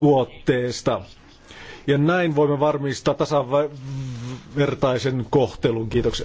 tuotteesta. Ja näin voimme varmistaa tasavertaisen kohtelun. Kiitoksia.